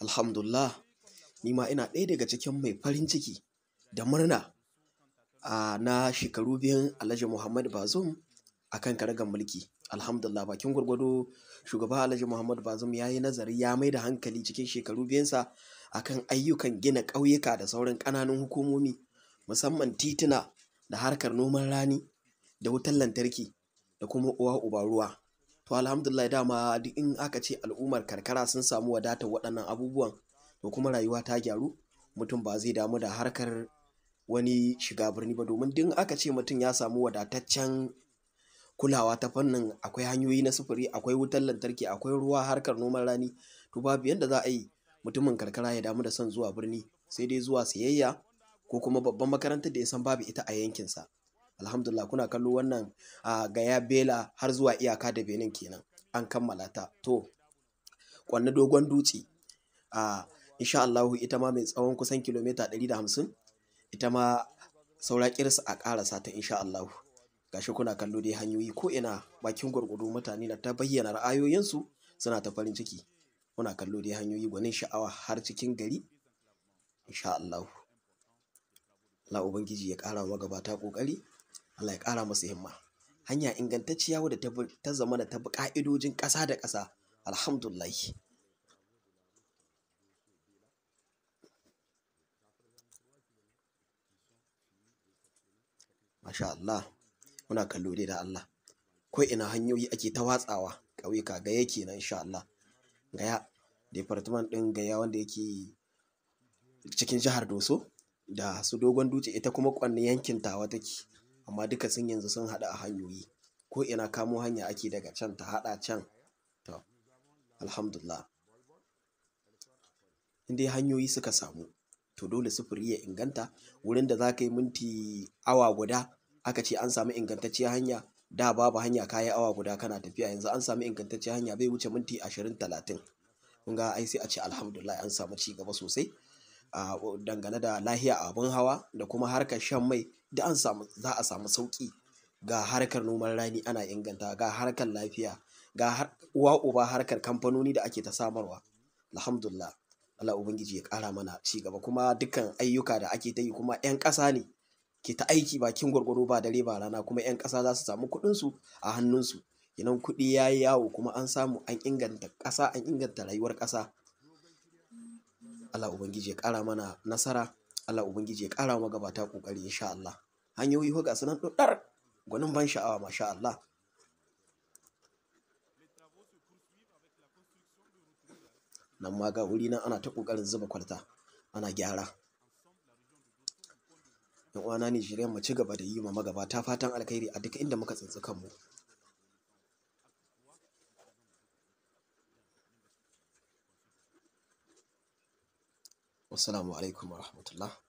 Alhamdulillah, ni ma ina ɗaya daga cikin mai farin ciki da murna na shekaru biyun Alhaji Muhammad Bazum a kan karagar mulki. Alhamdulillah bakin gwargwado shugaba Alhaji Muhammad Bazum ya yi nazari ya mai da hankali cikin shekaru biyansa a kan ayyukan gina ƙauyuka da sauran ƙananan hukumomi musamman tituna da harkar noman rani da wutar lantarki da kuma uwa uba ruwa. to alhamdulillah dama duk in aka ce al'ummar karkara sun samu wadatar waɗannan abubuwan to kuma rayuwa ta gyaru mutum ba zai damu da harkar wani shiga birni ba domin duk aka ce mutum ya samu wadataccen kulawa ta fannin akwai hanyoyi na sufuri akwai wutar lantarki akwai ruwa harkar noman rani to babu yadda za a yi mutumin karkara ya damu da son zuwa birni sai dai zuwa sayayya ko kuma babban makarantar da ya san babu ita a yankinsa alhamdulillah kuna kallo wannan a gaya bela har zuwa iyaka da benin kenan an kammala ta to kwanne dogon dutse a insha Allah ita ma mai tsawon kusan kilomita 150 ita ma saura kirsa a karasa ta insha Allah gashi kuna kallo dai hanyoyi ko ina bakin gurgudu mutane na ta bayyana ra'ayoyinsu suna ta farin ciki kuna kallo dai hanyoyi gwanin sha'awa har cikin gari insha Allah Allah ubangiji ya ƙara wa gabata ƙoƙari Allah ya ƙara musu himma hanya ingantacciya wadda ta zama da ta ƙa'idojin ƙasa da ƙasa alhamdulahi masha Allah muna kallo dai da Allah ko ina hanyoyi ake ta watsawa ƙauyuka ga yake nan insha Allah gaya department ɗin gaya wanda yake cikin jihar Doso da su dogon dutse ita kuma ƙwanne yankin tawa take amma duka sun yanzu sun haɗa a hanyoyi ko ina kamo hanya ake daga can ta haɗa can to alhamdulillah in dai hanyoyi suka samu to dole sufuri ya inganta wurin da za ka yi minti awa guda aka ce an samu ingantacciyar hanya da babu hanya ka yi awa guda kana tafiya yanzu an samu ingantacciyar hanya bai wuce minti ashirin talatin kun ga ai sai a ce alhamdulillah an samu ci gaba sosai dangane da lahiya abin hawa da kuma harkar shan mai da an samu za a samu sauƙi ga harkar noman rani ana inganta ga harkar lafiya ga uwa uba harkar kamfanoni da ake ta samarwa alhamdulillah Allah ubangiji ya ƙara mana ci gaba kuma dukkan ayyuka da ake ta yi kuma 'yan ƙasa ne ke ta aiki bakin gwargwaro ba dare ba rana kuma 'yan ƙasa za su samu kuɗinsu a hannun su idan kuɗi ya yi yawo kuma an samu an inganta ƙasa an inganta rayuwar ƙasa Allah ubangiji ya ƙara mana nasara Allah ubangiji ya ƙara magabata ƙoƙari insha Allah hanyoyi ga su nan ɗuɗɗar gwanin ban sha'awa masha Allah nan ma ga wuri nan ana ta ƙoƙarin zuba kwalta ana gyara yan uwana Nijeriya mu ci gaba da yi ma ta fatan alkhairi a duk inda muka tsintsi kanmu wassalamu alaikum rahmatullah.